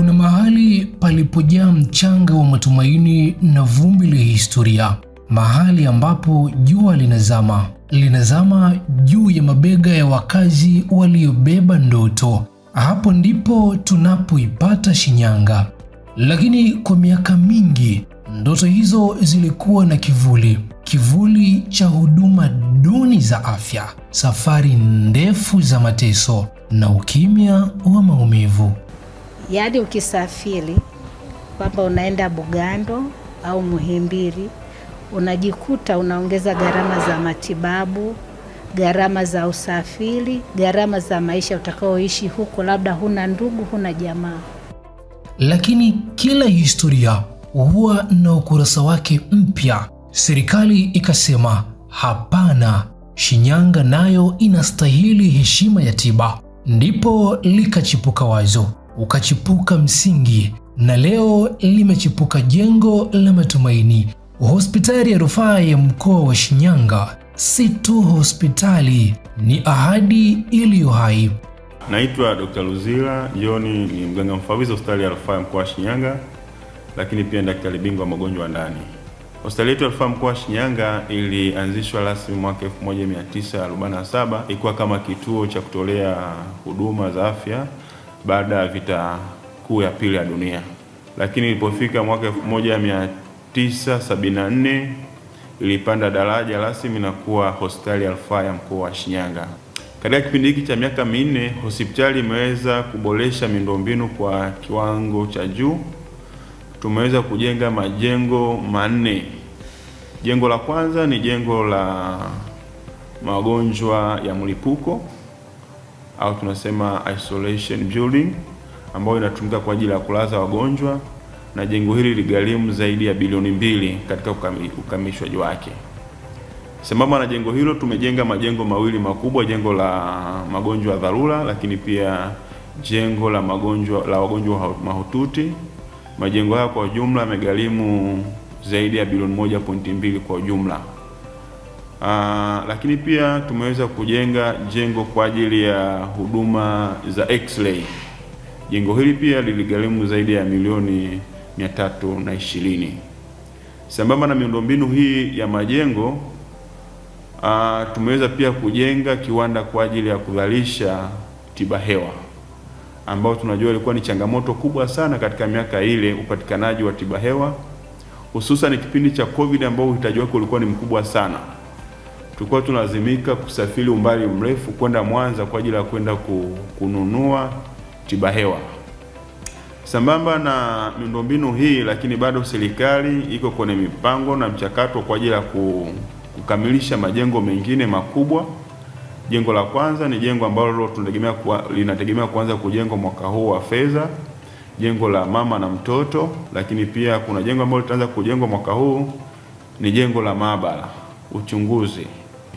kuna mahali palipojaa mchanga wa matumaini na vumbi la historia, mahali ambapo jua linazama linazama juu ya mabega ya wakazi waliobeba ndoto. Hapo ndipo tunapoipata Shinyanga. Lakini kwa miaka mingi ndoto hizo zilikuwa na kivuli, kivuli cha huduma duni za afya, safari ndefu za mateso na ukimya wa maumivu yaani ukisafiri kwamba unaenda Bugando au Muhimbili unajikuta unaongeza gharama za matibabu, gharama za usafiri, gharama za maisha utakaoishi huko, labda huna ndugu, huna jamaa. Lakini kila historia huwa na ukurasa wake mpya. Serikali ikasema hapana, Shinyanga nayo inastahili heshima ya tiba, ndipo likachipuka wazo ukachipuka msingi na leo limechipuka jengo la matumaini. Hospitali ya rufaa ya mkoa wa Shinyanga si tu hospitali, ni ahadi iliyo hai. Naitwa Dr. luzila Joni, ni mganga mfawidhi hospitali ya rufaa ya mkoa wa Shinyanga, lakini pia daktari bingwa magonjwa ndani. Hospitali yetu ya rufaa mkoa wa Shinyanga ilianzishwa rasmi mwaka 1947 ikiwa kama kituo cha kutolea huduma za afya baada ya vita kuu ya pili ya dunia, lakini ilipofika mwaka nne ilipanda daraja rasmi na kuwa hospitali ya rufaa ya mkoa wa Shinyanga. Katika kipindi hiki cha miaka minne, hospitali imeweza kuboresha miundombinu kwa kiwango cha juu. Tumeweza kujenga majengo manne. Jengo la kwanza ni jengo la magonjwa ya mlipuko au tunasema isolation building ambayo inatumika kwa ajili ya kulaza wagonjwa, na jengo hili ligharimu zaidi ya bilioni mbili katika ukamilishwaji wake. Sambamba na jengo hilo, tumejenga majengo mawili makubwa, jengo la magonjwa ya dharura, lakini pia jengo la magonjwa la wagonjwa mahututi. Majengo haya kwa ujumla yamegharimu zaidi ya bilioni moja pointi mbili kwa ujumla. Ah, lakini pia tumeweza kujenga jengo kwa ajili ya huduma za x-ray. Jengo hili pia liligharimu zaidi ya milioni mia tatu na ishirini. Sambamba na miundombinu hii ya majengo uh, tumeweza pia kujenga kiwanda kwa ajili ya kuzalisha tiba hewa ambao tunajua ilikuwa ni changamoto kubwa sana katika miaka ile, upatikanaji wa tiba hewa hususan kipindi cha COVID ambao uhitaji wake ulikuwa ni mkubwa sana tulikuwa tunalazimika kusafiri umbali mrefu kwenda Mwanza kwa ajili ya kwenda kununua tiba hewa. Sambamba na miundombinu hii, lakini bado serikali iko kwenye mipango na mchakato kwa ajili ya kukamilisha majengo mengine makubwa. Jengo la kwanza ni jengo ambalo tunategemea linategemea kuanza kujengwa mwaka huu wa fedha, jengo la mama na mtoto. Lakini pia kuna jengo ambalo litaanza kujengwa mwaka huu, ni jengo la maabara uchunguzi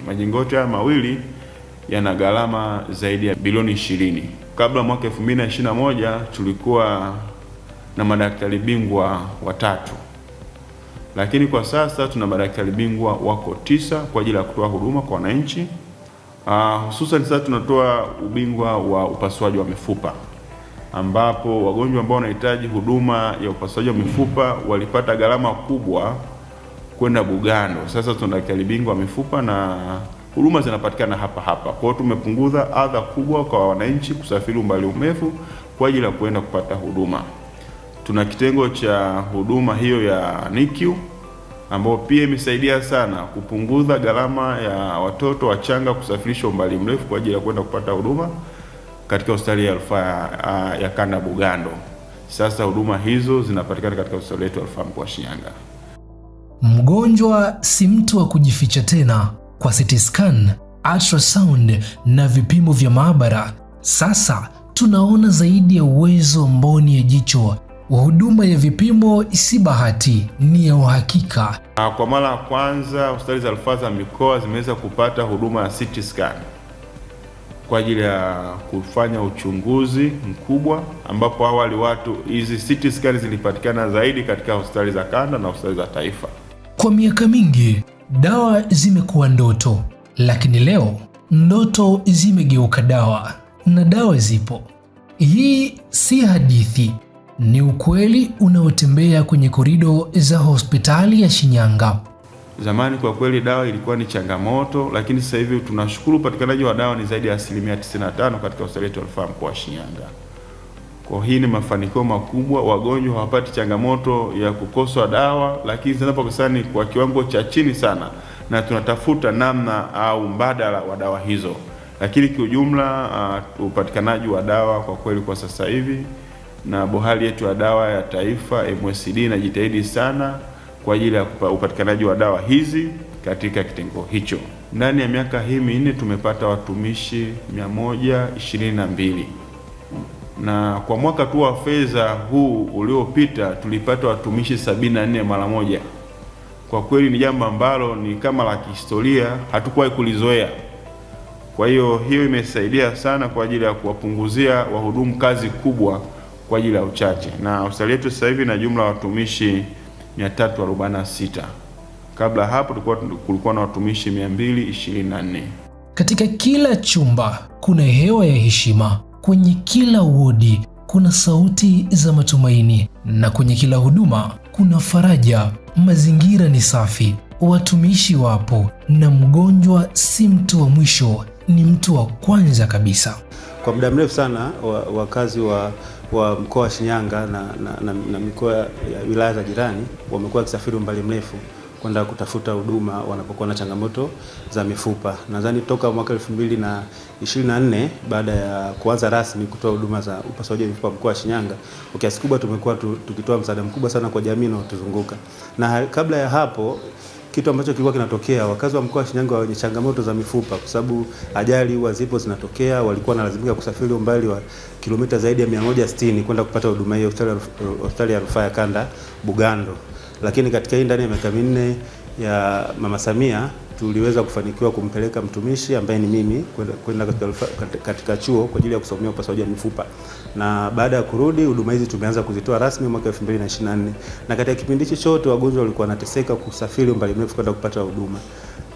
Majengo yote haya mawili yana gharama zaidi ya bilioni ishirini. Kabla mwaka moja tulikuwa na madaktari bingwa watatu, lakini kwa sasa tuna madaktari bingwa wako tisa kwa ajili ya kutoa huduma kwa wananchi. Uh, hususan sasa tunatoa ubingwa wa upasuaji wa mifupa ambapo wagonjwa ambao wanahitaji huduma ya upasuaji wa mifupa walipata gharama kubwa kwenda Bugando. Sasa tuna daktari bingwa mifupa na huduma zinapatikana hapa hapa. Kwa hiyo tumepunguza adha kubwa kwa wananchi kusafiri umbali mrefu kwa ajili ya kuenda kupata huduma. Tuna kitengo cha huduma hiyo ya NICU ambayo pia imesaidia sana kupunguza gharama ya watoto wachanga kusafirishwa umbali mrefu kwa ajili ya kwenda kupata huduma katika hospitali ya rufaa ya kanda Bugando. Sasa huduma hizo zinapatikana katika hospitali yetu ya rufaa mkoa wa Shinyanga. Mgonjwa si mtu wa kujificha tena. Kwa CT scan, ultrasound na vipimo vya maabara, sasa tunaona zaidi ya uwezo mboni ya jicho. Huduma ya vipimo si bahati, ni ya uhakika. Kwa mara ya kwanza hospitali za rufaa za mikoa zimeweza kupata huduma ya CT scan kwa ajili ya kufanya uchunguzi mkubwa, ambapo awali watu hizi CT scan zilipatikana zaidi katika hospitali za kanda na hospitali za taifa. Kwa miaka mingi dawa zimekuwa ndoto, lakini leo ndoto zimegeuka dawa na dawa zipo. Hii si hadithi, ni ukweli unaotembea kwenye korido za hospitali ya Shinyanga. Zamani kwa kweli dawa ilikuwa ni changamoto, lakini sasa hivi tunashukuru upatikanaji wa dawa ni zaidi ya asilimia 95 katika hospitali ya rufaa mkoa wa Shinyanga. Kwa hii ni mafanikio makubwa, wagonjwa hawapati changamoto ya kukoswa dawa, lakini zinapokosekana ni kwa kiwango cha chini sana, na tunatafuta namna au mbadala wa dawa hizo. Lakini kiujumla, uh, upatikanaji wa dawa kwa kweli kwa sasa hivi na bohari yetu ya dawa ya taifa MSD inajitahidi sana kwa ajili ya upatikanaji wa dawa hizi katika kitengo hicho. Ndani ya miaka hii minne tumepata watumishi 122 na kwa mwaka tu wa fedha huu uliopita tulipata watumishi 74 mara moja. Kwa kweli ni jambo ambalo ni kama la kihistoria, hatukuwahi kulizoea. Kwa hiyo hiyo imesaidia sana kwa ajili ya kuwapunguzia wahudumu kazi kubwa kwa ajili ya uchache, na hospitali yetu sasa hivi na jumla ya watumishi 346. Kabla hapo tulikuwa kulikuwa na watumishi 224. Katika kila chumba kuna hewa ya heshima Kwenye kila wodi kuna sauti za matumaini, na kwenye kila huduma kuna faraja. Mazingira ni safi, watumishi wapo, na mgonjwa si mtu wa mwisho, ni mtu wa kwanza kabisa. Kwa muda mrefu sana wakazi wa, wa, wa mkoa wa Shinyanga na, na, na, na mikoa ya wilaya za jirani wamekuwa wakisafiri umbali mrefu kwenda kutafuta huduma wanapokuwa na changamoto za mifupa. Nadhani toka mwaka 2024 baada ya kuanza rasmi kutoa huduma za upasuaji wa mifupa mkoa wa Shinyanga, kwa kiasi kubwa tumekuwa tukitoa msaada mkubwa sana kwa jamii inayotuzunguka. Na kabla ya hapo kitu ambacho kilikuwa kinatokea, wakazi wa mkoa wa Shinyanga wenye changamoto za mifupa, kwa sababu ajali huwa zipo zinatokea, walikuwa wanalazimika kusafiri umbali wa kilomita zaidi ya 160 kwenda kupata huduma hiyo hospitali ya rufaa ya kanda Bugando lakini katika hii ndani ya miaka minne ya Mama Samia tuliweza kufanikiwa kumpeleka mtumishi ambaye ni mimi kwenda katika chuo kwa ajili ya kusomea upasuaji wa mifupa, na baada ya kurudi, huduma hizi tumeanza kuzitoa rasmi mwaka 2024 na katika kipindi hicho chote wagonjwa walikuwa wanateseka kusafiri umbali mrefu kwenda kupata huduma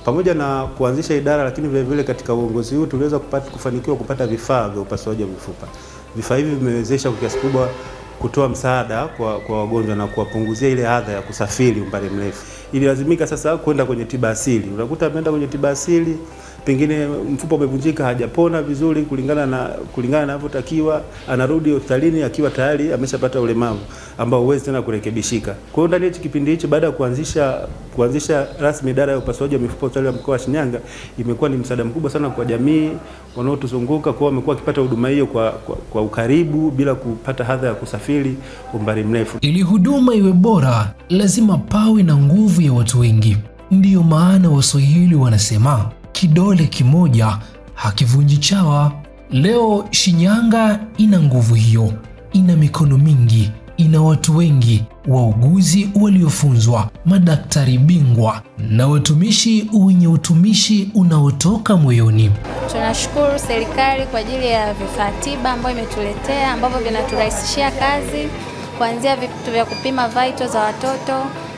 pamoja na kuanzisha idara, lakini vile vile katika uongozi huu tuliweza kupata, kufanikiwa kupata vifaa vya upasuaji wa mifupa. Vifaa hivi vimewezesha kwa kiasi kubwa kutoa msaada kwa, kwa wagonjwa na kuwapunguzia ile adha ya kusafiri umbali mrefu ililazimika sasa kwenda kwenye tiba asili. Unakuta ameenda kwenye tiba asili, pengine mfupa umevunjika, hajapona vizuri kulingana na kulingana na anavyotakiwa, anarudi hospitalini akiwa tayari ameshapata ulemavu ambao huwezi tena kurekebishika. Kwa hiyo ndani ya kipindi hicho, baada ya kuanzisha kuanzisha rasmi idara ya upasuaji wa mifupa hospitali ya mkoa wa Shinyanga, imekuwa ni msaada mkubwa sana kwa jamii wanaotuzunguka, kwa wamekuwa wakipata huduma hiyo kwa, kwa, kwa ukaribu bila kupata hadha ya kusafiri umbali mrefu. Ili huduma iwe bora, lazima pawe na nguvu nguvu ya watu wengi. Ndiyo maana Waswahili wanasema kidole kimoja hakivunji chawa. Leo Shinyanga ina nguvu hiyo, ina mikono mingi, ina watu wengi, wauguzi waliofunzwa, madaktari bingwa na watumishi wenye utumishi unaotoka moyoni. Tunashukuru serikali kwa ajili ya vifaa tiba ambayo imetuletea ambavyo vinaturahisishia kazi, kuanzia vitu vya kupima vitals za watoto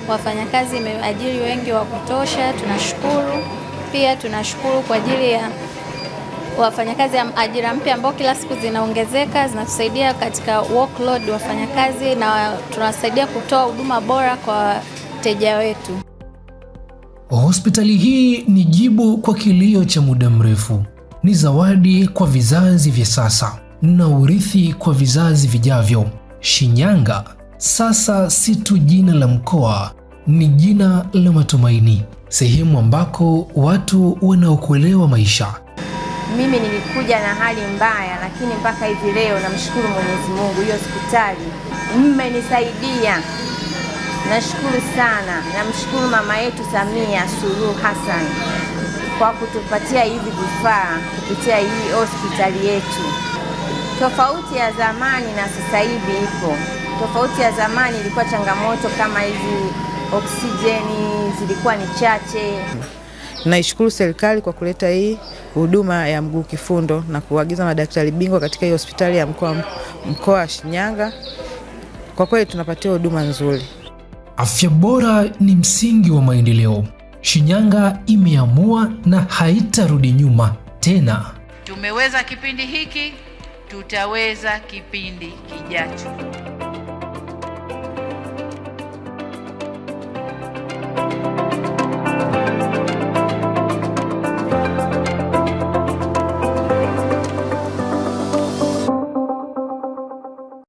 wafanyakazi imeajiri wengi wa kutosha, tunashukuru. Pia tunashukuru kwa ajili ya wafanyakazi ajira mpya ambao kila siku zinaongezeka, zinatusaidia katika workload wafanyakazi, na tunasaidia kutoa huduma bora kwa wateja wetu. Hospitali hii ni jibu kwa kilio cha muda mrefu, ni zawadi kwa vizazi vya sasa na urithi kwa vizazi vijavyo. Shinyanga sasa si tu jina la mkoa, ni jina la matumaini, sehemu ambako watu wanaokuelewa maisha. Mimi nilikuja na hali mbaya, lakini mpaka hivi leo namshukuru Mwenyezi Mungu, hiyo hospitali mmenisaidia. Nashukuru sana, namshukuru mama yetu Samia Suluhu Hassan kwa kutupatia hivi vifaa kupitia hii hospitali yetu. Tofauti ya zamani na sasa hivi ipo Tofauti ya zamani ilikuwa changamoto kama hizi, oksijeni zilikuwa ni chache. Naishukuru serikali kwa kuleta hii huduma ya mguu kifundo na kuagiza madaktari bingwa katika hii hospitali ya mkoa mkoa wa Shinyanga. Kwa kweli tunapatia huduma nzuri. Afya bora ni msingi wa maendeleo. Shinyanga imeamua na haitarudi nyuma tena. Tumeweza kipindi hiki, tutaweza kipindi kijacho.